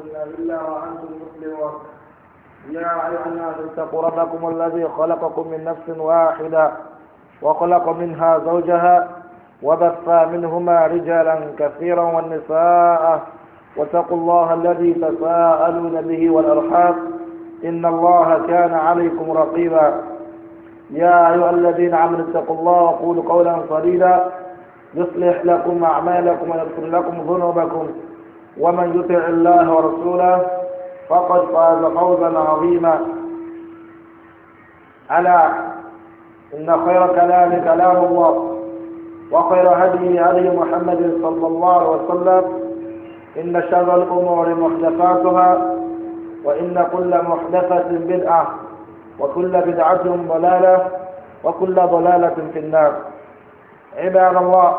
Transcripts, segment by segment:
تموتن إلا وأنتم مسلمون يا أيها الناس اتقوا ربكم الذي خلقكم من نفس واحدة وخلق منها زوجها وبث منهما رجالا كثيرا والنساء واتقوا الله الذي تساءلون به والأرحام إن الله كان عليكم رقيبا يا أيها الذين آمنوا اتقوا الله وقولوا قولا صديدا يصلح لكم أعمالكم ويغفر لكم ذنوبكم ومن يطع الله ورسوله فقد فاز فوزا عظيما ألا إن خير كلام كلام الله وخير هدي هدي محمد صلى الله عليه وسلم إن شر الأمور محدثاتها وإن كل محدثة بدعة وكل بدعة ضلالة وكل ضلالة في النار عباد الله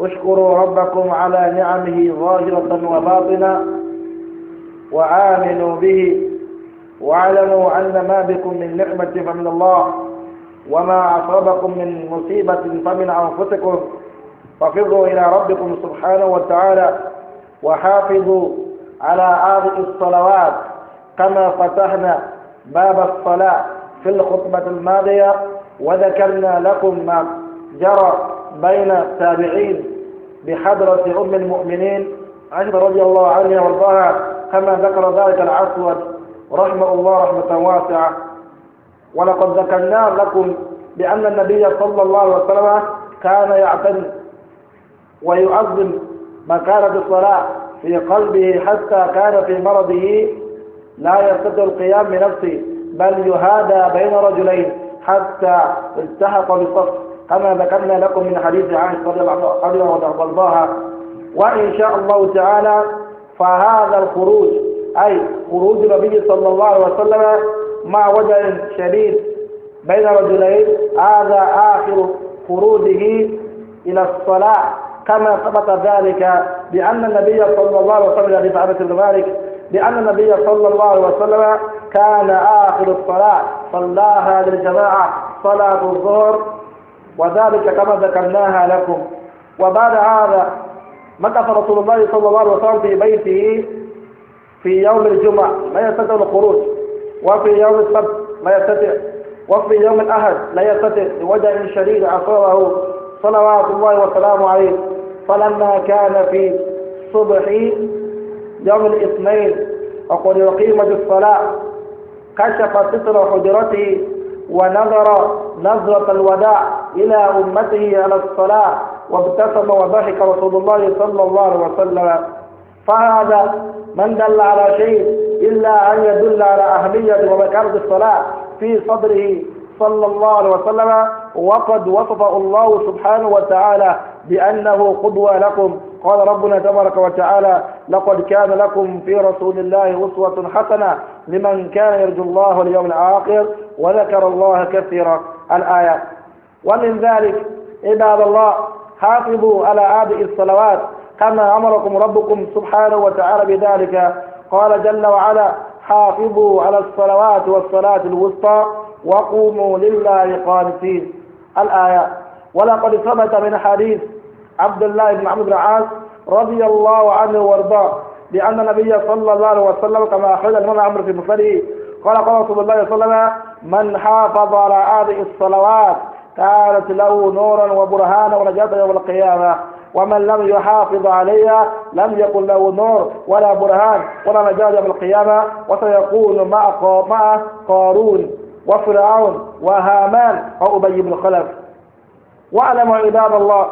اشكروا ربكم على نعمه ظاهرة وباطنة وآمنوا به واعلموا أن ما بكم من نعمة فمن الله وما أصابكم من مصيبة فمن أنفسكم ففروا إلى ربكم سبحانه وتعالى وحافظوا على هذه الصلوات كما فتحنا باب الصلاة في الخطبة الماضية وذكرنا لكم ما جرى بين التابعين بحضرة أم المؤمنين عائشة رضي الله عنها وارضاها كما ذكر ذلك العسود رحمه الله رحمة واسعة ولقد ذكرنا لكم بأن النبي صلى الله عليه وسلم كان يعتني ويعظم مكانة الصلاة في قلبه حتى كان في مرضه لا يستطيع القيام بنفسه بل يهادى بين رجلين حتى التحق بالصف كما ذكرنا لكم من حديث عائشة رضي الله عنها وارضاها وإن شاء الله تعالى فهذا الخروج أي خروج النبي صلى الله عليه وسلم مع وجع شديد بين رجلين هذا آخر خروجه إلى الصلاة كما ثبت ذلك بأن النبي صلى الله عليه وسلم في عبد بن بأن النبي صلى الله عليه وسلم كان آخر الصلاة صلاها للجماعة صلاة الظهر وذلك كما ذكرناها لكم وبعد هذا مكث رسول الله صلى الله عليه وسلم في بيته في يوم الجمعة لا يستطيع الخروج وفي يوم السبت لا يستطيع وفي يوم الأحد لا يستطيع لوجع شديد أصابه صلوات الله وسلامه عليه فلما كان في صبح يوم الاثنين وقد أقيمت الصلاة كشف ستر حجرته ونظر نظرة الوداع إلى أمته على الصلاة وابتسم وضحك رسول الله صلى الله عليه وسلم فهذا من دل على شيء إلا أن يدل على أهمية ومكانة الصلاة في صدره صلى الله عليه وسلم وقد وصف الله سبحانه وتعالى بأنه قدوة لكم قال ربنا تبارك وتعالى لقد كان لكم في رسول الله أسوة حسنة لمن كان يرجو الله اليوم الآخر وذكر الله كثيرا الآيات ومن ذلك عباد الله حافظوا على هذه الصلوات كما أمركم ربكم سبحانه وتعالى بذلك قال جل وعلا حافظوا على الصلوات والصلاة الوسطى وقوموا لله قانتين الآية ولقد ثبت من حديث عبد الله بن عمرو بن العاص رضي الله عنه وارضاه لأن النبي صلى الله عليه وسلم كما أخرج الإمام عمرو في مسنده قال قال رسول الله صلى الله عليه وسلم من حافظ على هذه الصلوات كانت له نورا وبرهانا ونجاة يوم القيامة ومن لم يحافظ عليها لم يكن له نور ولا برهان ولا نجاة يوم القيامة وسيكون مع قارون وفرعون وهامان وأبي بن خلف واعلموا عباد الله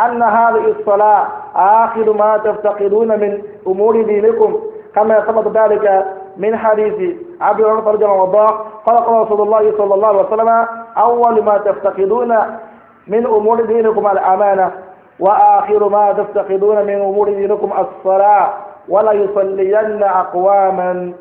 أن هذه الصلاة آخر ما تفتقدون من أمور دينكم كما ثبت ذلك من حديث عبد الله رضي الله عنه قال رسول الله صلى الله عليه وسلم أول ما تفتقدون من أمور دينكم الأمانة وآخر ما تفتقدون من أمور دينكم الصلاة ولا يصلين أقواما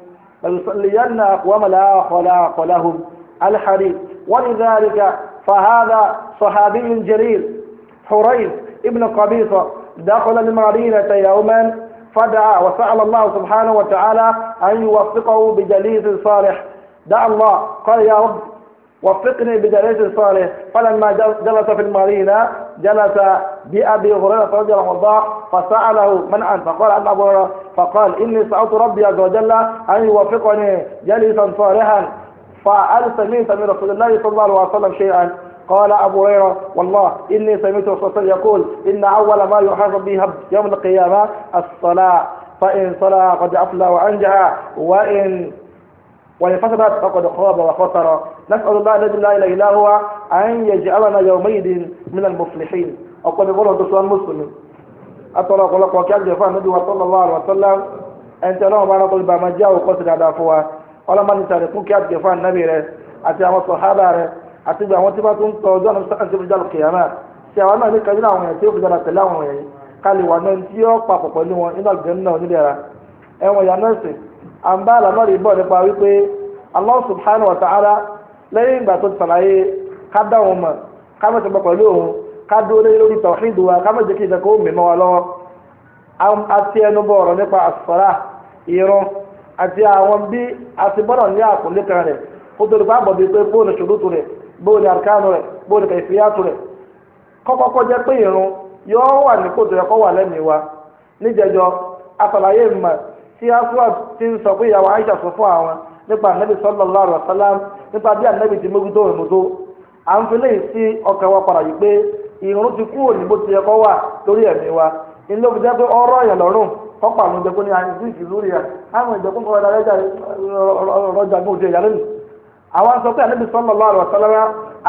ليصلين أقواما لا خلاق لهم الحديث ولذلك فهذا صحابي جليل حريث ابن قبيصة دخل المدينة يوما فدعا وسأل الله سبحانه وتعالى أن يوفقه بجليس صالح دعا الله قال يا رب وفقني بجليس صالح فلما جلس في المدينة جلس بأبي هريرة رضي الله عنه فسأله من أنت فقال أنا أبو هريرة فقال إني سألت ربي عز وجل أن يوفقني جليسا صالحا فهل من رسول الله صلى الله عليه وسلم شيئا قال أبو هريرة والله إني سمعت الرسول يقول إن أول ما يحاسب به يوم القيامة الصلاة فإن صلى قد أفلى وأنجح وإن وإن فسدت فقد خاب وخسر نسأل الله الذي لا إله إلا هو أن يجعلنا يومئذ من المفلحين أقول بقوله دسوان مسلم أترى أقول لك وكان جفاء النبي صلى الله عليه وسلم أنت لهم أنا طلب ما جاء وقصد على فوا ولا من تاريخ كان جفاء النبي أتى وصحابه àti gbogbo àwọn tí wọ́n tún tọ ọjọ́ àná sọ́kàn tí ó fi dá lókè yàrá tí àwọn náà ní kan nínú àwọn èèyàn tí ó fi dára pẹ̀lú àwọn èèyàn yìí ká lè wà náà tí ó papọ̀ pẹ̀lú wọn nínú àgbẹ̀rún náà nílẹ̀ ẹ̀wọ̀n ìyá nọ́ọ̀sì à àlànà rí bọ̀ nípa wípé Allah subhanahu wa ta'ala lẹ́yìn ìgbà tó ti sàlàyé ká dá òun mọ̀ ká mọ̀ sọ̀pọ̀ pẹ̀lú òun ká dúró lé lórí tawhid wa ká mọ̀ jẹ́ kí ìjẹ́kọ̀ ó mìíràn wa lọ́wọ́ àti ẹnu bọ̀ ọ̀rọ̀ nípa àsọ̀rà ìrun àti àwọn bí àti bọ́dọ̀ ní àkùnlé kan rẹ̀ kó tó lè pa àbọ̀ pé fóònù ṣòro rẹ̀ bóò ní àrùkánù rẹ̀ bóò ní kẹfìyàtù rẹ̀ kọkọkọ jẹ́ pé irun yóò wà ní kóòtù ẹ̀kọ́ wà lẹ́mìí wa níjẹjọ afàlàyé mọ̀ tí aswad ti ń sọ pé ìyàwó Aisha sọ fún àwọn nípa anabi sọlọ alaihi nípa bí anabi ti mójú à ń sí ọkàn wa ti bó ti wà lórí ẹ̀mí wa ilé òfin pé yẹn àwọn ní àyè sí àwọn àwọn aṣọ pé ànábì sallallahu alaihi wasallam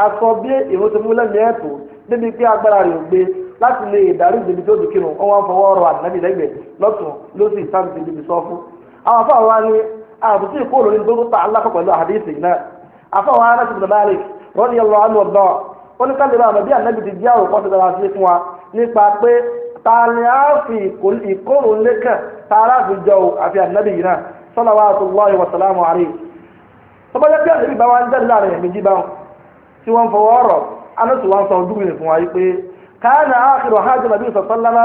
aṣọ bí ìwọ́n ti mú lẹ́mìí ẹ̀tọ́ débi pé agbára rẹ̀ ò gbé láti lè darí ìdèmí tó dùn kírun ọwọ́ fọwọ́ rọ ànábì lẹ́gbẹ̀ẹ́ lọ́tún lọ́sì sáǹtì níbi àwọn afọ àwọn ni ìkóòrò ní gbogbo ta alákọ̀ pẹ̀lú àdéhìsì afọ àwọn aráàlú ti a ànábì tọ́ba jẹ́ pé àdébí bá wá jáde láàrin ẹ̀mí jí báwọn tí wọ́n fọwọ́ ọ̀rọ̀ anásù wọn sọ ojú rẹ̀ fún wa yìí pé káàna àkìrò hajj nàbí sọ̀tọ́lára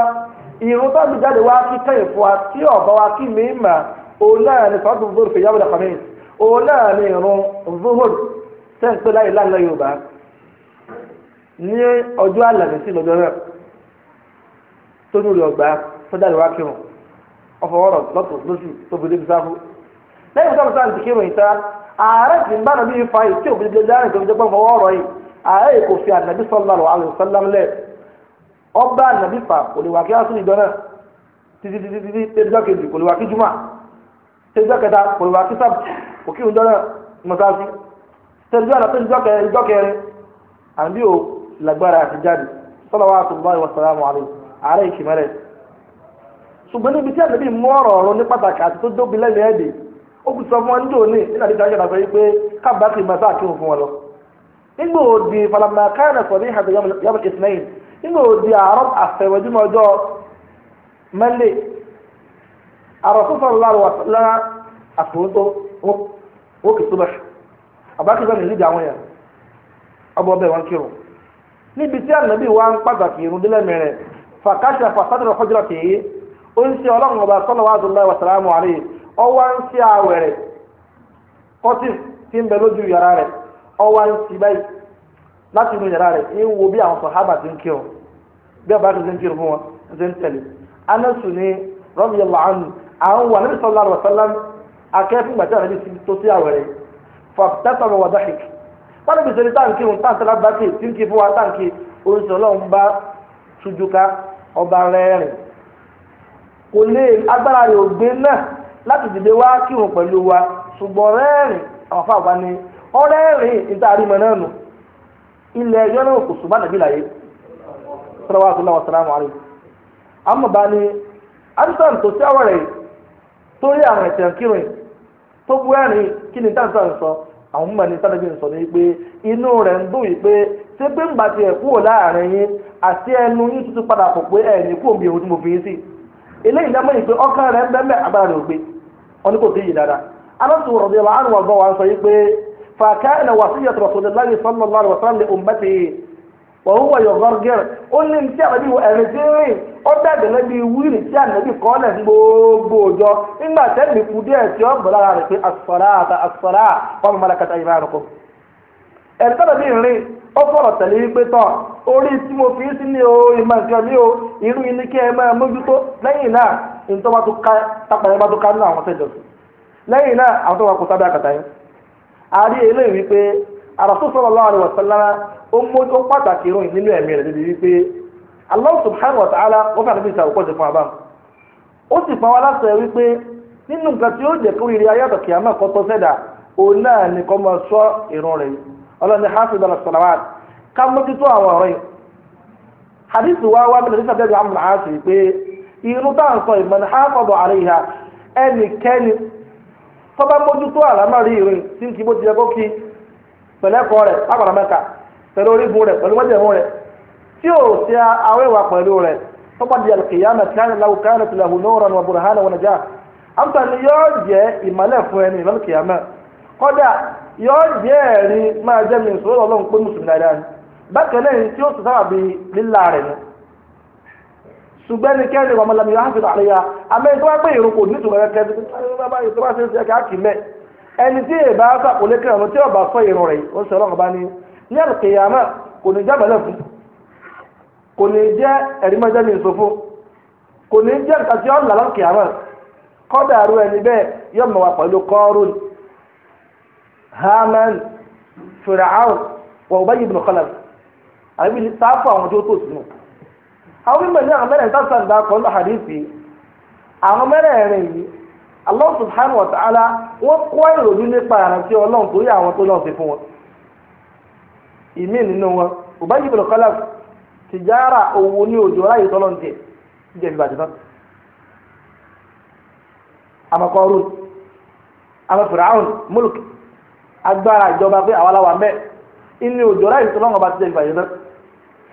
ìrún tó ti jáde wá kí tẹ̀yìn fún wa tí ọ̀bá wa kí mi mà òun náà ni sọ́dún zuhur fi yàwó dàkàmí òun náà ni ìrún zuhur tẹ̀ ń pè láyé láńlá yorùbá ọgbà tó wá kírun ọfọwọ́rọ̀ lọ́tọ̀ lóṣù tó fi débi sáfù lẹ́yìn tó fi sáfù ti kírun ìta ààrẹ sì ń bá nàbí fa ìtí òbí lè dáhùn tó ń jẹ́ pọ́nmọ́ ọ̀rọ̀ yìí ààrẹ kò fi ànàbí sallallahu alaihi wasallam lẹ̀ ọba ànàbí fa kò lè wà kí asún ìjọ náà títí títí títí tẹ́jọ́ kejì kò lè wà kí juma tẹ́jọ́ kẹta kò lè wà kí sábà kò kí ìjọ náà mọ̀sáàsì tẹ́jọ́ àlọ́ tẹ́jọ́ kẹrin àbí ò lágbára àti jáde sallallahu wa sallam alaihi ààrẹ ìkìmẹ́rẹ̀ ṣùgbọ́n níbi tí ó kù sọ fún ẹnjọ́ ní nínú àdìsá ìṣẹ̀lẹ̀ àgbẹ̀ pé kábàá sì máa sáà kírun wọn lọ. nígbà òdi falama káyọ̀nà sọ̀rọ̀ ìhàdà yàmù ìsìnẹ́yìn nígbà òdi ọjọ́ mẹ́lẹ̀ lára àfòwótó kì àwọn yẹn ọbẹ̀ wọn kírun níbi tí wa ń pàtàkì irun délẹ̀ mẹ́rẹ̀ fàṣàdúrà ó ń ṣe ọlọ́run ọba sọ́nà wàásù láì ọwá ń a were kọ́tìf ti ń bẹ lójú yàrá rẹ̀ ọwá ń sí láti inú wo bí àwọn sàhábà ti ń kí ọ bí àbá ń kí ọ wọn ṣe ń tẹ̀lé anásù ni radiyallahu anhu àwọn wà níbi gbàtí tó sí àwẹ̀rẹ̀ wà dáhìk níbi táǹkì bá tí ń kí fún wa táǹkì bá láti dìde wá kírun pẹ̀lú wa ṣùgbọ́n rẹ́rìn àwọn afá ni ọ̀rẹ́rìn níta àrímọ náà nù ilẹ̀ ẹjọ́ náà kò sùn bá nàbí láyé sọ́dọ̀ wa sọ́dọ̀ wa sọ́dọ̀ wa rẹ̀ adúsàn tó sí torí àwọn ẹ̀sẹ̀ kírun tó ni táǹtà ń sọ àwọn inú rẹ̀ ń dùn yìí pé ṣé pé kúrò padà pọ̀ pé ẹ̀ ní wọn kò tíì dáadáa aláṣẹ wọ̀rọ̀ bí wọn àwọn ọgbọ́n wa sọ yìí pé fàákà ẹ̀nà wàsíyà tó rọ̀sọ̀dọ̀ láyé sọ́nà lọ́rọ̀ sọ́nà lè ọmọ ti wọ́n wọ̀ yọ̀ gọ́rgẹ́r ó ní ní tí àbẹ̀bí ẹ̀rẹ̀ tí ń rìn ó dàgbẹ̀ lẹ́bi wíìlì tí àbẹ̀bí kọ́ lẹ̀ gbogbo òjọ nígbà tẹ́lẹ̀ kú díẹ̀ tí ó bọ̀ lára rẹ̀ pé asọ̀rá àti asọ̀rá wọn mọ̀ lákàtà ìmọ̀ àrùkọ. ẹ̀rẹ̀ tọ́lọ̀ bí rìn ó fọ̀rọ̀ tẹ̀lé pé tọ̀ orí tí mo fi sí ní o ìmọ̀ nǹkan mi o irú yìí ni kí ẹ máa mójútó lẹ́yìn náà ntọ́ba na ká tápá yẹn bá tó ká nínú náà àwọn tó wà kó sábẹ́ àkàtà yẹn àárí eléyìí wípé àràsó sallallahu alaihi wasallam ó mú pàtàkì ìròyìn nínú ẹ̀mí rẹ̀ débi wípé Allah subhanahu wa ta'ala ó fẹ́ àdébí fún abam ó sì pa wá láṣẹ wípé nínú nǹkan tí ó jẹ́ kó kọ́ tó sẹ́dà òun náà ni kọ́ máa sọ rẹ̀ ọlọ́ni hafi bala ká mójútó àwọn irun tá à ń sọ ìmọ̀nà hákọ̀dọ̀ àríyá ẹnikẹ́ni tọ́ba mójútó àlámàrí ìrìn tí kì í bó ti yẹ kó kí pẹ̀lẹ́kọ̀ rẹ̀ lápàdà mẹ́ka pẹ̀lú orígun rẹ̀ pẹ̀lú mọ́jẹ̀mú rẹ̀ tí ò ṣe àwọn ìwà pẹ̀lú rẹ̀ tọ́ba di alkiyama kíánà lawu kíánà tìlahu nóòrán wa burhana wa najah àmì ni yóò jẹ́ ìmọ̀lẹ̀ fún ẹni yóò jẹ́ ẹ̀rí máa ṣùgbọ́n ní kẹ́ni ọmọ lami láti rà àríyá amẹ́yìn tó bá pé ìrun kò nítumọ̀ kẹ́kẹ́ tó bá ṣe ṣe káàkiri mẹ́ ẹni tí èèbá sàkólé kí ọ̀nà tí ọba sọ ìrun rẹ̀ ó sọ ọlọ́run bá ní ní kò ní jẹ́ fún kò ní jẹ́ ẹ̀rí mi sọ fún kò ní jẹ́ nǹkan tí kọ́dà ẹni bẹ́ẹ̀ mọ̀ wá pẹ̀lú àwọn mímọ̀ ní àwọn mẹ́rẹ̀ẹ́rin tásán dá kọ́ ní àdìsí àwọn mẹ́rẹ̀ẹ́rin yìí Allah subhanahu wa ta'ala wọ́n kọ́ ìròyìn nípa àrántí ọlọ́run torí àwọn tó náà ti fún wọn. ìmí nínú wọn Ubayy ibn Khalaf tìjára owó ní òjò ráyè tọ́lọ́ ń jẹ jẹ bí bàjẹ́ tán. àmọ́ agbára ìjọba pé àwa mẹ́ inú òjò ráyè tọ́lọ́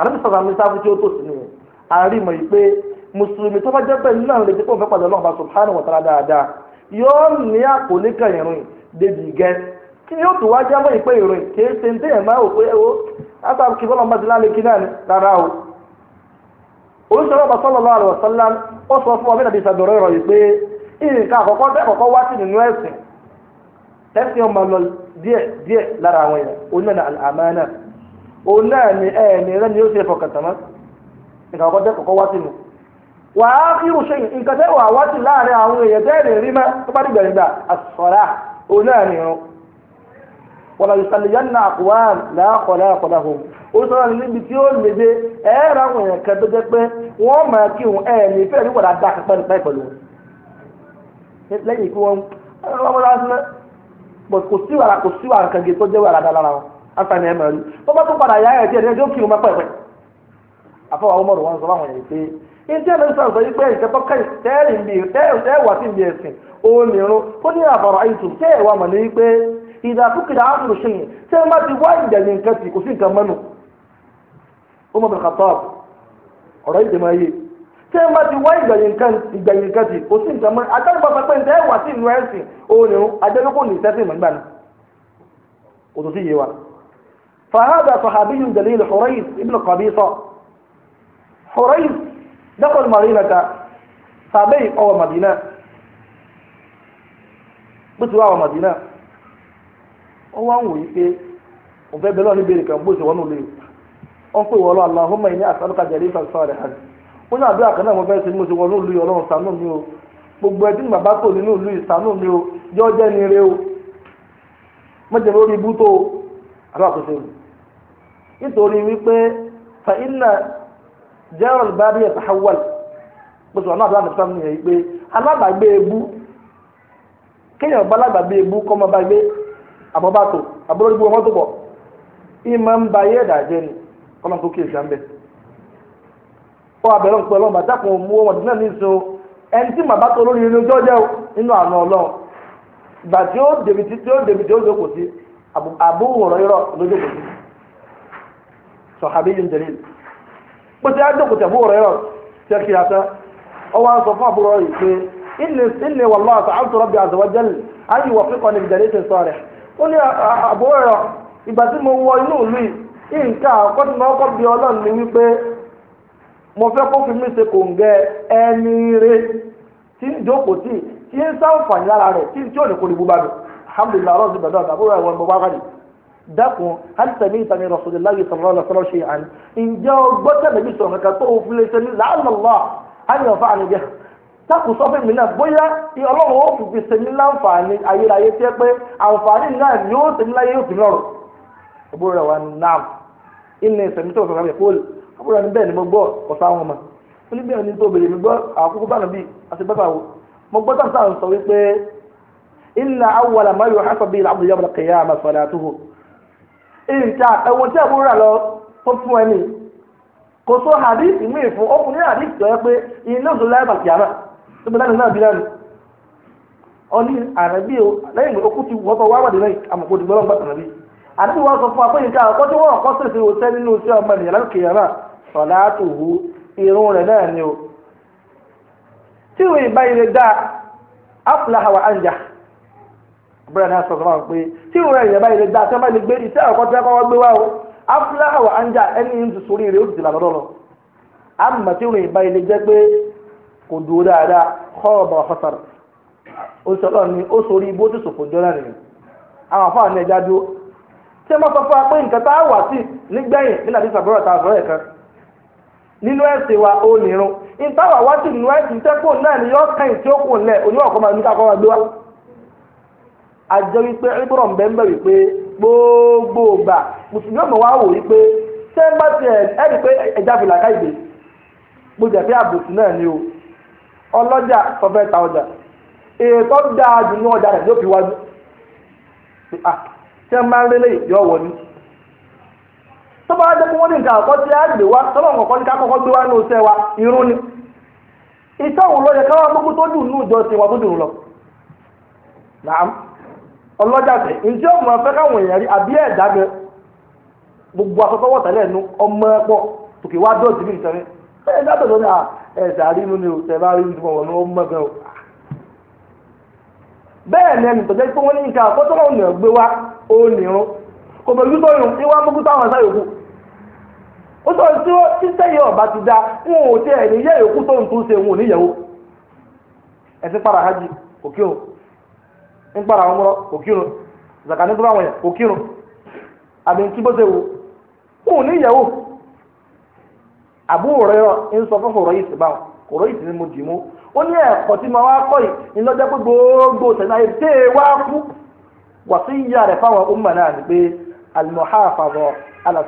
àdébí sọ̀rọ̀ àmì sáfù tí ó tòsí nìyẹn àrímọ̀ yìí pé mùsùlùmí tó bá jẹ́ bẹ́ẹ̀ náà lè jẹ́ pé òun fẹ́ pàdé ọlọ́run bá subhanahu wa ta'ala dáadáa yóò ní àkólé kan ìrìn débi gẹ́ kí ni ó tó wá jábọ̀ yìí pé ìrìn kìí ṣe ní téèyàn máa wò pé ó látàrí kí bọ́lá ń bá ti lálé kí náà ni rárá o. oríṣiríṣi ọba sallallahu alaihi wasallam ó sọ fún ọmọdé àti ìṣàdọ̀rọ̀ ìrọ̀ yìí pé nǹkan òun naa ni ẹ ní rẹ ni ó ṣe fọkàn tán wá mu. wà á kírun ṣe nǹkan wà wá sí láàrin àwọn èèyàn tẹ́ lè rí tó bá dìgbà nígbà ni irun. wọ́n lọ́ọ́ yẹn náà kó wá láàkọ̀lẹ́ àkọ́lá hù. ó sọ wọn níbi tí ó lè dé àwọn èèyàn kan tó jẹ́ pé wọ́n máa ní ní wọ̀dà dá kápẹ́ nípa ìpẹ̀lú. lẹ́yìn kò kò asani ẹ̀ máa rí tó bá tún padà yá ẹ̀ díẹ̀ díẹ̀ yóò kírun máa pẹ̀pẹ̀ àfọwọ́ àwọn ọmọdé wọn sọ fáwọn èèyàn pé ìdí ẹ̀mí sọ̀rọ̀ sọ yìí pé ìjọba kẹ́ ń bi ẹ̀wà sí ibi ẹ̀sìn onírun tó ní àbọ̀rọ̀ àìsùn tẹ́ ẹ̀wà mọ̀ ní pé má ti wá nǹkan tì kò sí nǹkan ẹ ti wá ìgbẹ̀yìn nǹkan tì kò sí nǹkan فهذا صحابي جليل حريث ابن قبيصة حريث دخل مدينة صحابي أو مدينة بتوا أو مدينة ọwọ́ àwọn òye pé òun fẹ́ bẹ́lọ́ níbi ìrìkà bó ṣe wọ́n lè wọ́n pè wọ́n lọ Allahumma inni as'aluka jalisa salihan ó ní àdúrà kan náà o gbogbo ẹtí nítorí wípé fa iná gerald bari ẹ̀ tahawal gbèsè ọ̀nà na àdàbọ̀ nìyẹn wípé alábàgbé ebú kéèyàn bá alábàgbé ebú kọ́ ọmọ bá gbé àbúrò ọmọ tó bọ̀ ìmọ̀ ń ba ayé ẹ̀dá jẹ́ ni kọ́nà tó kéèsì à ń bẹ̀. ó ń pẹ́ mú náà ní ẹni tí màbá tó lórí inú àná tí ó dèbìtì tí ó sọ yìí jẹ̀lẹ̀ bó ti ájọ́ kùtẹ̀ fún ọ̀rẹ́ rọ̀ tí a kì í sọ fún àbúrò yìí ikpe. Ị na àti àtúrọ̀ bí azza wa jal ayé wà fíkọ́ ní ìjẹ̀lẹ̀ ti sọ̀rẹ̀ ó ní àbúrò rọ̀ ìgbà mo fẹ́ kó fi mí kò ń gẹ ẹni rẹ tí ń jókòó tí tí ń tí tí ò ní alhamdulilayi dákun halisami ìtàn rasulillahi sallallahu alaihi wasallam ṣe àná ǹjẹ́ ọgbọ́n tẹ̀lé mi sọ̀rọ̀ kankan tó o fi lè ṣe ní làálàlá àyàn fa àníjẹ́ dákun sọ fún mi náà bóyá ọlọ́run ó fi fi ṣe ní láǹfààní ayérayé tẹ́ pé àǹfààní náà ni ó ṣe láyé yóò fi lọ́rùn. àbúrò rẹ̀ wà náà ilé ìsẹ̀mí tó sọ̀rọ̀ kó àbúrò rẹ̀ bẹ́ẹ̀ ni mo gbọ́ ọ̀sán wọn ma yuhasabu bihi ìjà ẹ̀wọ̀n tí àbúrò rà lọ tó fún ẹ nìyí kò sọ hadith mí fún ó fún ní hadith tó yẹ pé iná láyé bàtì àmà tó bí ọ ní àrẹ́bí o lẹ́yìn okú ti àmọ̀kò lọ́gbà sọ fún tí wọ́n kọ́ nínú iṣẹ́ ọmọ ènìyàn yàrá irun rẹ̀ náà ni o tí ìwé ìbáyìí bẹ́ẹ̀ sọ sọ̀rọ̀ wọn pé tí ìwúrẹ́ ìyẹn báyìí lè dá tí wọ́n bá lè gbé iṣẹ́ ọ̀kọ́ tí anja gbé wá o ẹni ń sórí rẹ̀ ó ti lànà lọ́lọ́ àmọ́ tí ìwúrẹ́ ìbáyìí lè jẹ́ pé kò dúró dáadáa kọ́ọ̀bà ọ̀fọ́sàr ó ni ó tó sòfò àwọn àná ẹja dúró tí wọ́n sọ fún wa pé a wà sí a àjọ wípé ibùdó ń ń gbogbo gbà mùsùlùmí ọmọ wa wò wípé ṣé bá tiẹ̀ ẹ̀rí pé ẹja fìlà káyìdé mo ni o ọlọ́jà sọfẹ́ ta ọjà ètò dáa jù ní ọjà rẹ̀ ló fi ṣé ń yọ wọ ni tó bá ní nǹkan àkọ́ tí a gbé tọ́lọ̀ ní gbé ní oṣù ọlọ́jàsẹ̀ ntí ọmọ afẹ́ káwọn èèyàn rí gbogbo asọ́tọ́wọ́ tẹ́lẹ̀ nu ọmọ ẹ̀pọ̀ tòkè wá dọ́ọ̀tì mi nìkan ní ẹ̀ à inú ni o bá rí ọmọ ẹ̀gbẹ́ o. bẹ́ẹ̀ ni ẹnì tọ́jú pé wọ́n ní nǹkan àkọ́tọ́ wọn gbé wá ó kò mú mkpara ọmụrọ òkírun zaka ní gbọ́dọ̀ àwọn yẹn òkírun àbí nkí bó ṣe wò ó ní ìyàwó àbúrò rẹ ń sọ fún ọ̀rọ̀ yìí sí yìí ni mo dì mú ó ní tí mo wá gbogbo ayé ẹ ala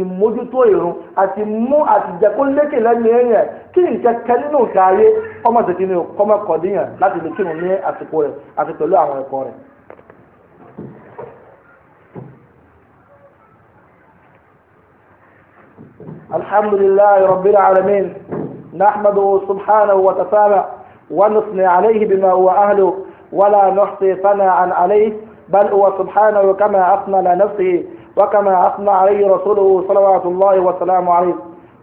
ìmójútó ìrun àti mú àtijẹ́kó lékè lẹ́nu ẹ̀yàn kí nǹkan kan nínú nǹkan ayé ọmọ tètè ní kọ́mọ kọ̀díyàn láti lè kírun ní àsìkò rẹ̀ àti pẹ̀lú àwọn ẹ̀kọ́ rẹ̀. الحمد لله رب العالمين نحمده سبحانه وتعالى ونثني عليه بما هو أهله ولا نحصي ثناء عليه بل هو سبحانه كما أثنى على نفسه وكما أثنى عليه رسوله صلوات الله وسلامه عليه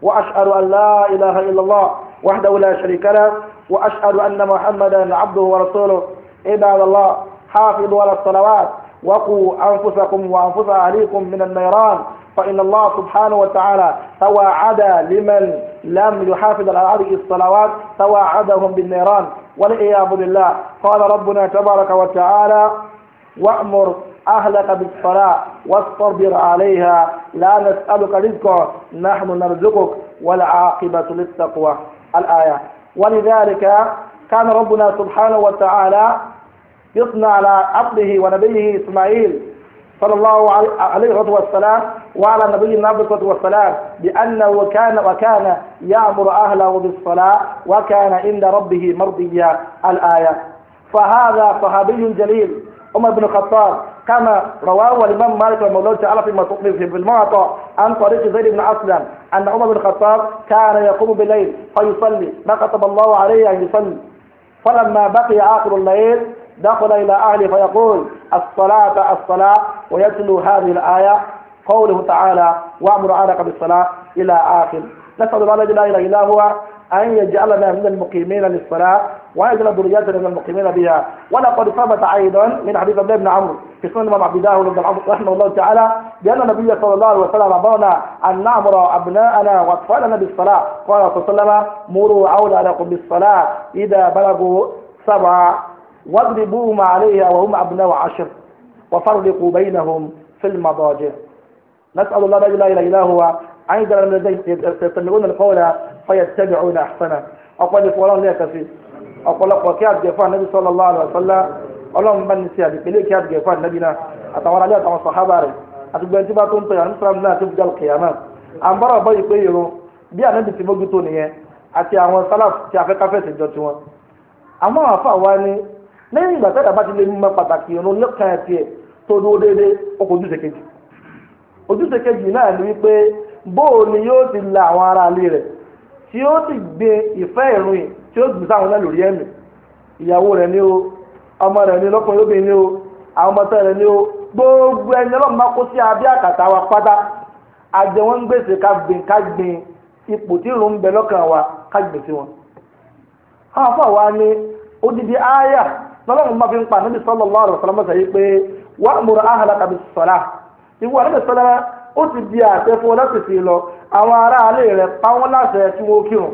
وأشهد أن لا إله إلا الله وحده لا شريك له وأشهد أن محمدا عبده ورسوله عباد الله حافظوا على الصلوات وقوا أنفسكم وأنفس أهليكم من النيران فإن الله سبحانه وتعالى توعد لمن لم يحافظ على هذه الصلوات توعدهم بالنيران والعياذ بالله قال ربنا تبارك وتعالى وأمر أهلك بالصلاة واصطبر عليها لا نسألك رزقا نحن نرزقك والعاقبة للتقوى الآية ولذلك كان ربنا سبحانه وتعالى يثنى على عبده ونبيه إسماعيل صلى الله عليه الصلاة والسلام وعلى نبينا عليه الصلاة والسلام بأنه كان وكان يأمر أهله بالصلاة وكان عند ربه مرضيا الآية فهذا صحابي جليل عمر بن الخطاب كما رواه الإمام مالك رحمه الله تعالى في المعطى عن طريق زيد بن أسلم أن عمر بن الخطاب كان يقوم بالليل فيصلي ما كتب الله عليه أن يصلي فلما بقي آخر الليل دخل إلى أهله فيقول الصلاة الصلاة ويتلو هذه الآية قوله تعالى وأمر أهلك بالصلاة إلى آخر نسأل الله لا إله إلا هو أن يجعلنا من المقيمين للصلاة ويجعل ذرياتنا من المقيمين بها ولقد ثبت أيضا من حديث عبد بن عمرو في سنة الإمام عبداه داود بن عمرو رحمه الله تعالى بأن النبي صلى الله عليه وسلم أمرنا أن نأمر أبناءنا وأطفالنا بالصلاة قال صلى الله عليه وسلم مروا أولادكم بالصلاة إذا بلغوا سبع واضربوهم عليها وهم أبناء عشر وفرقوا بينهم في المضاجع نسأل الله لا إله إلا هو أيضا الذين يستمعون القول فيتبعون أحسنه أقول فلان لا كفي أقول لك وكيف جفاء النبي صلى الله عليه وسلم ọlọ́run bá ní sí àdìpẹ́lẹ́ kí àdìgẹ̀fà nàbí náà àtàwọn alẹ́ àtàwọn sàhábà rẹ̀ àti gbẹ̀yìn tí bá tó ń pè àní sàrám náà tó fi dàlù kìyàmá à ń bára ọ̀bọ yìí pé irun bí ànábì ti mójú tó nìyẹn àti àwọn sálàf tí afẹ́káfẹ́ ti jọ tiwọn. àmọ́ àfa wa ni lẹ́yìn ìgbà tẹ́lẹ̀ bá ti lè mọ pàtàkì irun lẹ́kàn tiẹ̀ tó dúró déédéé ó kò ojúṣe kejì ojúṣe kejì náà ni wípé bóò ni yóò ti la àwọn ará ilé rẹ̀ tí ó ti gbé ìfẹ́ ìrun yìí tí ó gbé sáwọn náà lórí ẹ̀mí ìyàwó rẹ̀ ni o ọmọ rẹ̀ ni lọ́kùnrin lóbìnrin ni o àwọn ọmọ ni o gbogbo ẹni ọlọ́run kó sí abẹ́ àkàtà wa pátá àjẹ wọn ń gbèsè ká gbìn ká gbìn ipò tí ń bẹ lọ́kàn wa ká odidi aya lọ́lọ́run máa fi ń pa níbi yìí pé ó ti di ase fún ọ láti fi lọ àwọn aráalé pa láṣẹ tí wọ́n kírun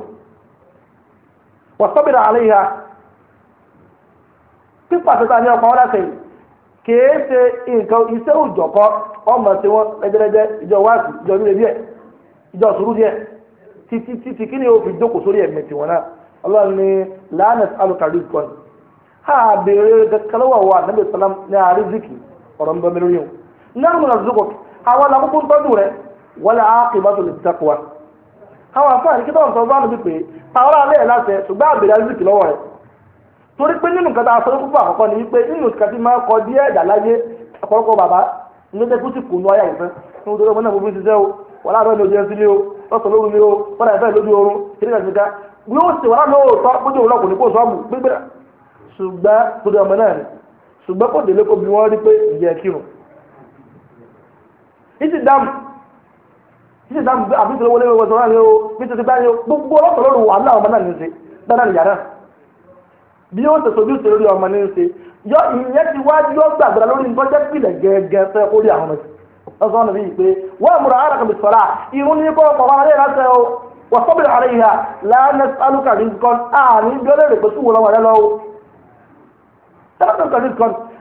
wọ́n sọ́bìnrin ìhà a ní ọkọ̀ láṣẹ yìí kèé ṣe nǹkan iṣẹ́ òjọ̀kọ́ ọmọ tí wọ́n ẹgbẹ́rẹ́gbẹ́ ìjọ wáàsì ìjọ díẹ̀ ìjọ sùúrù díẹ̀ títí kí ni o fi jókòó sórí ẹ̀mí tiwọn náà ọlọ́run ní lánàá alùkàrí kan ha béèrè kankan lọ́wọ́ nàbẹ̀ sàlám ní àrídìkì ọ̀rọ̀ ń bọ́ náà mo àwọn na ń tọ́jú rẹ̀ wala aqibatu littaqwa àwọn àfáàní kí tọ́wọ́n sọ bá nù pípé alẹ́ ẹ̀ ṣùgbọ́n àbèrè àrísìkì lọ́wọ́ rẹ̀ torí pé nínú nǹkan tá a sọ ní púpọ̀ àkọ́kọ́ ni wípé nínú nǹkan tí máa kọ díẹ̀ ẹ̀dá láyé ọ̀pọ̀lọpọ̀ bàbá ní ó jẹ́ kó sì kù ní ọyà ìfẹ́ ìsì dáàmù ìsì dáàmù àfi ìṣòro wọlé wọlé sọ̀rọ̀ àyẹ̀wò bí tuntun báyìí gbogbo ọlọ́sọ̀ lóru wàhálà ọmọ náà ní ṣe dáadáa nìyàrá bí ó ṣe sojú ṣe lórí ọmọ ní ṣe yọ ìyẹn ti wá yọ gbàgbọ́dá lórí nǹkan jẹ́ pìlẹ̀ gẹ́gẹ́ fẹ́ orí àwọn ọmọ ọsọ ọ̀nà bíi pé wọ́n múra ara kan bí sọ́ra irun ní kọ́ ọ̀pọ̀ wọn alẹ́ lásẹ̀ o wọ́n sọ́bìrì àlẹ́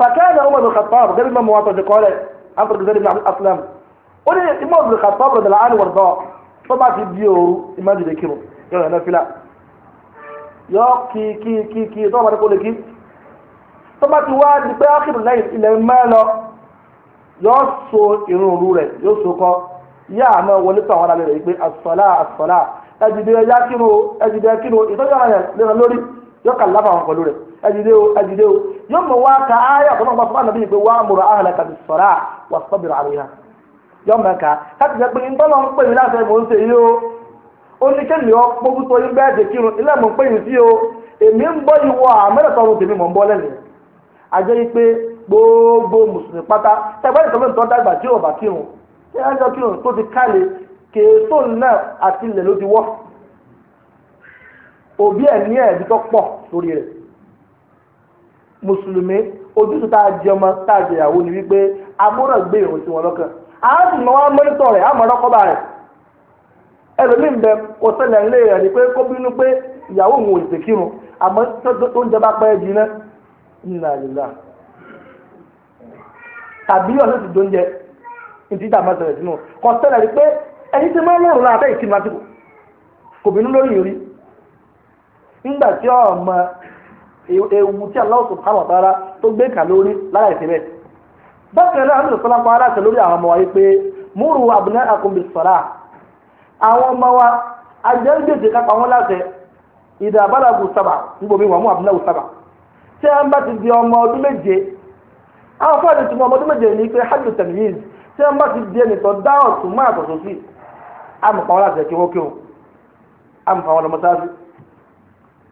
فكان عمر بن الخطاب ده من مواطن قال عن طريق زيد بن أسلم قال الإمام بن الخطاب رضي الله عنه وارضاه طبعا في ديور إمام دي كيرو يا هنا فلا يا كي كي كي كي طبعا يقول لك طبعا في واحد بآخر الليل إلى ما لا يصو إنه رورة يصو كا يا ما ولد على الصلاة الصلاة أجد يا كيرو أجد يا كيرو إذا جاء لوري yóò kà lábàá wọn pẹ̀lú rẹ̀ ẹ̀dìdé o ẹ̀dìdé o yóò mọ̀ wá ka ayé àtọ́nà ọba fún ànàbí yìí pé wà mụrụ múra ahàlẹ̀ kàbí sọ̀rọ̀ à wà sọ́bìrì àríyá yóò mọ̀ ká láti jẹ́ pé ntọ́lọ́ ń pè mí láti ẹ̀ ń o ó ní kí ni ọ tó yín bẹ́ẹ̀ dèkírun o èmi ń bọ́ tèmi ń bọ́ òbí ẹ̀ ní ẹ̀bí tó pọ̀ lórí rẹ̀ mùsùlùmí ojútùú tá a jẹ ọmọ tá a jẹ ìyàwó ni wípé agbóná gbé ìrùn sí wọn lọ́kàn á sì mọ wọn mọ́nítọ̀ rẹ̀ á mọ̀ lọ́kọ́bà rẹ̀ ẹlòmíín bẹ kò ṣẹlẹ̀ ńlẹ̀ rẹ̀ ni pé kó bínú pé ìyàwó òun ò sì kírun àmọ́ tó ń jẹba pẹ́ jiná ńlá ìlà tàbí ọ̀sẹ̀ ti dóúnjẹ ntí dàmọ́ sẹ̀rẹ̀ sínú kò ṣẹlẹ̀ rí pé ẹni tí máa ń lọ́rùn láàfẹ́ ìkírun àtìkù kò bínú lórí yìí rí nígbà tí ọmọ ewu tí Allah subhanahu wa ta'ala tó gbé kà lórí lára ìsìnbẹ̀. bákan náà àmì ìsọlá pa aláṣẹ lórí àwọn ọmọ wa yìí pé múrù abna'akum bis-salah àwọn ọmọ wa ajẹ́gbèjì kápá wọn láṣẹ ìdá abálàbù sábà nígbòmí wọn mú abúláwù sábà tí a bá ti di ọmọ ọdún méje àwọn fúlàní tí mo ọmọ ọdún méje ní pé hajj tẹ̀lifíìs tí a bá ti di ẹnì tó dá ọ̀tún máa tọ̀tún sí àmì pa wọn láṣẹ kí wọ́n kí wọn àmì pa wọn lọ mọ́sáàsì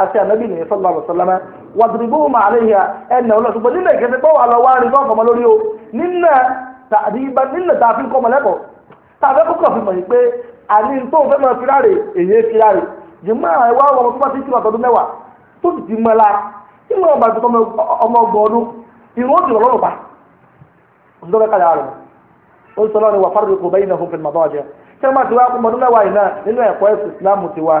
àti ànábì nìyẹn sọlá àbọ̀sọ̀lámà wàdùrìbó màálẹ́yà ẹnà ọlọ́sùn pé nínú ìkẹsẹ̀ pé wà lọ wá rí kọ́kọ́ mọ́ lórí o nínú tàbíba nínú tàbí kọ́ mọ́lẹ́kọ̀ tàbí kókò fi mọ̀ yìí pé àní tó fẹ́ mọ́ firaare èyí firaare jùmọ́ àìwá ọmọ tó bá ti tìmọ̀ tọdún tó sì ti mọ́lá tí mo bá ti ọmọ ọgbọ̀n ọdún ìrún òsì pa ńdọ́rẹ́ kàlẹ́ àrùn ó sọ lọ́rùn wà fárúkọ bẹ́yìn náà fún fẹ́ẹ́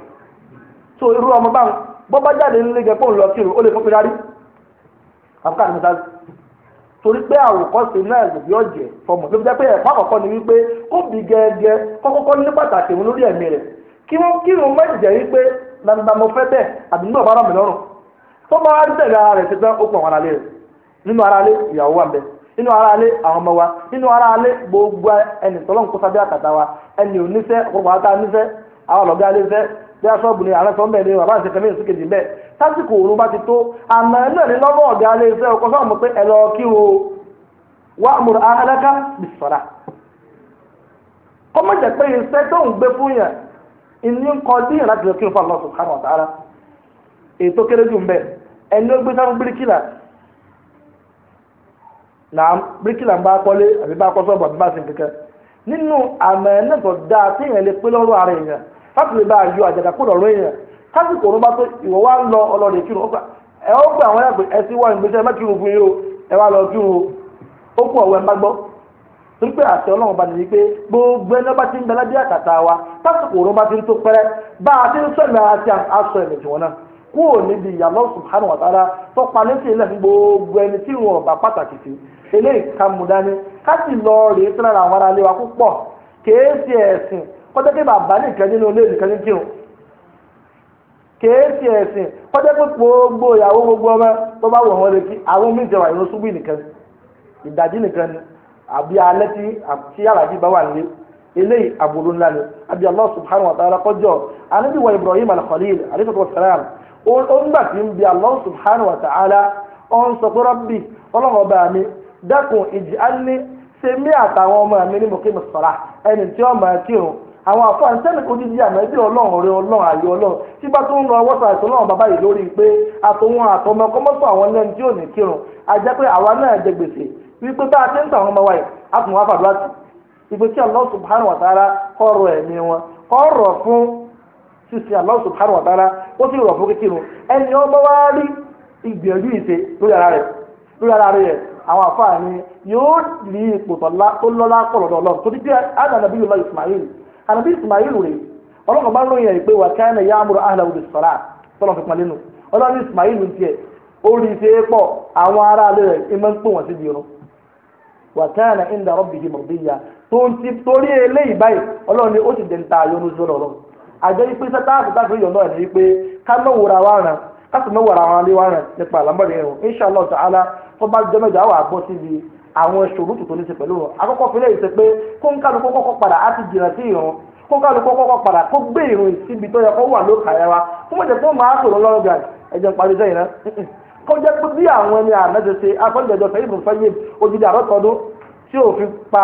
so irú ọmọ báwọn bọ́bá jáde nílé gẹ́gẹ́ pòun lọ sí ìrù ó lè fún pírárí àbúkà ní mọ́tàlì torí pé àwòkọ́ṣe náà ọ̀jẹ̀ fọmọ ló fi jẹ́ pé ẹ̀kọ́ àkọ́kọ́ ni wípé ó bì gẹ́gẹ́ kọ́kọ́kọ́ ní pàtàkì òun lórí ẹ̀mí rẹ̀ kí wọ́n kí wọ́n má jẹ́ wípé mo fẹ́ bẹ́ẹ̀ àbí nínú ọ̀bá lọ́rùn tó bá wá ara rẹ̀ ṣetán ó rẹ̀ nínú ìyàwó wa ń bẹ bí aṣọ́ọ̀bù ni àrẹ sọ ń bẹ̀ ni mìíràn síkejì ń sásìkò òru ti tó àmọ́ náà ní lọ́wọ́ ọ̀gá ilé iṣẹ́ ọkọ sọ́ọ̀ mọ̀ pé ẹ lọ kí o wá bìsọ̀rà kọ́mọ̀ jẹ́ pé iṣẹ́ tó ń gbé fún ìní ń kọ díyàn láti lọ kí wa ta'ala ètò kéré jù ń ẹni ó gbé sáfún bíríkìlà là bíríkìlà ń bá kọ́lé àbí bá kọ́ sọ́ọ̀bù àbí bá láti lè bá a yọ àjàdà kó lọ́rọ́ èèyàn kásìkò òun bá tó ìwọ wá ogbe lọ ọlọ́ọ̀dẹ kírun ọgbà ẹ ó gbà àwọn ẹgbẹ́ ẹsìn wá ìgbésẹ̀ má fún yín o ẹ wá lọ kírun ó kú ọ̀wẹ́ má ọlọ́run bá nìyí pé gbogbo ẹni bá ti ń bẹlẹ́ bí àtàtà wa kásìkò òun bá ti ń tó pẹ́rẹ́ bá a ti ń sọ àti aṣọ jù wọn kọjá pé bàbá nìkan nínú ilé nìkan ní kírun kéèsì ẹ̀sìn kọjá pé gbogbo ìyàwó gbogbo ọmọ tó bá wọ̀ wọ́n lè kí àwọn míì jẹun àìrún ṣubú nìkan ìdájí nìkan ni àbí alẹ́ tí tí alájí bá wà nílé eléyìí àbúrò ńlá ni àbí Allah subhanahu wa ta'ala kọjọ ànábì wa Ibrahim al-Khalil alayhi salam ó nígbà tí ń bi Allah subhanahu wa ta'ala ó ń sọ pé rọ́bì ọlọ́run ọba mi dákun ìjì á ní sèmi àtàwọn ọmọ mi ní mọ̀kí mọ̀sọ̀rà ẹni tí ó àwọn àfáà sẹ́ni kò jíjí àmẹ́bí ọlọ́run ọ̀rẹ́ ọlọ́run àyè ọlọ́run tí bá tó ń lọ ọwọ́ sàìsàn náà bàbá yìí lórí pé àtòwọn àtọmọ kọ́mọ́tò àwọn lẹ́nu tí ò ní kírun àjẹ́ pé àwa náà jẹ gbèsè wípé bá a ti ń tàn wọn wáyé a tún wá fàdúrà sí ibi tí Allah subhanahu wa ta'ala kọ́rọ̀ ẹ̀mí wọn kọ́rọ̀ fún sísè Allah subhanahu wa ta'ala ó sì rọ̀ fún kíkírun ẹni ọmọ wá rí ìgbìyànjú ìṣe lórí ara rẹ̀ lórí ara rẹ̀ àwọn àfáà ni yóò ní ipò tó lọ́lá pọ̀ lọ́dọ̀ ọlọ́run tó ti bí àdàlẹ́bí yóò lọ Ismail ànàbí ismail rè ọlọ́run bá lóyìn ẹ̀ pé wà káyọ̀ náà yáàmúrò àhàlà òbí sọ̀rọ̀ tọ́lọ́ fi palẹ́ nù ọlọ́run ismail ń tiẹ̀ ó rí i ṣe é pọ̀ àwọn ará alẹ́ rẹ̀ ẹ máa ń pè wọ́n síbi irun wà káyọ̀ náà ń darọ́ bìí mọ̀rọ̀díyà tó ń ti torí eléyìí báyìí ọlọ́run ni ó ti dẹ̀ntà ayọ́nu sọ́dọ̀ ọlọ́run àjọ yìí pé sátá àtúntà yọ̀ náà ní pé ká mọ̀ wa ràn ká sì wa lé wa ràn nípa àlámọ́rin àwọn ṣòro tuntun ní ti pẹ̀lú wọn àkọ́kọ́ fílẹ̀ ìṣe pé kóńkálukú kọ́kọ́ padà á ti jìnnà sí ìrun kóńkálukú kọ́kọ́ padà kó gbé ìrun síbi tó yẹ kó wà ló kàyà wa kó mọ̀jẹ̀ pé ó máa sọ̀rọ̀ lọ́rọ̀ gà ẹ̀jẹ̀ ń parí sẹ́yìn náà kó jẹ́ pé bí àwọn ẹni àmẹ́sẹsẹ akọ́nìjọ́jọ́ fẹ́ ìbùn fẹ́ yé àrọ́tọ́dún tí òfin pa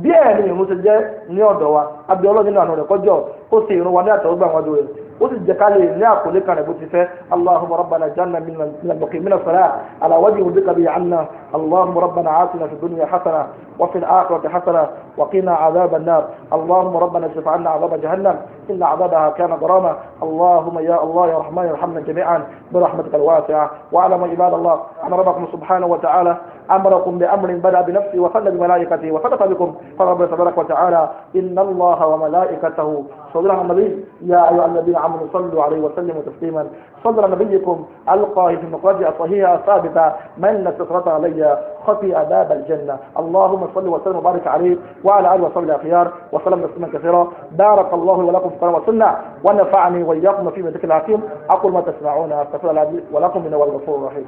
bí ẹ̀rín ìrún ṣe jẹ́ ní ọ̀dọ̀ wa abiola nínú àná rẹ̀ kọjọ́ ó ṣe ìrún wa ní àtẹ̀wọ́gbà wájú rẹ̀ ودي الجكال لا أقول لك أنا بوتي اللهم ربنا جنة من المقيمين الصلاة على وجه رضيك به عنا اللهم ربنا عاتنا في الدنيا حسنة وفي الآخرة حسنة وقنا عذاب النار اللهم ربنا اشف عنا عذاب جهنم إن عذابها كان غراما اللهم يا الله يا رحمن ارحمنا جميعا برحمتك الواسعة واعلموا عباد الله أن ربكم سبحانه وتعالى أمركم بأمر بدأ بنفسه وصلى بملائكته وصدق بكم قال ربنا تبارك وتعالى إن الله وملائكته صلى عليه وسلم يا أيها الذين آمنوا صلوا عليه وسلموا تسليما صلى على نبيكم ألقاه في المخرج صحيحة ثابتة من لا سترة علي خطي باب الجنة اللهم صل وسلم وبارك عليه وعلى آله وصحبه الأخيار وسلم تسليما كثيرا بارك الله ولكم في القرآن والسنة ونفعني وإياكم في ذكر الحكيم أقول ما تسمعون أستغفر الله ولكم من هو الغفور الرحيم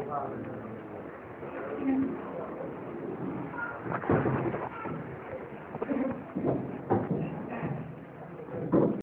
Thank you.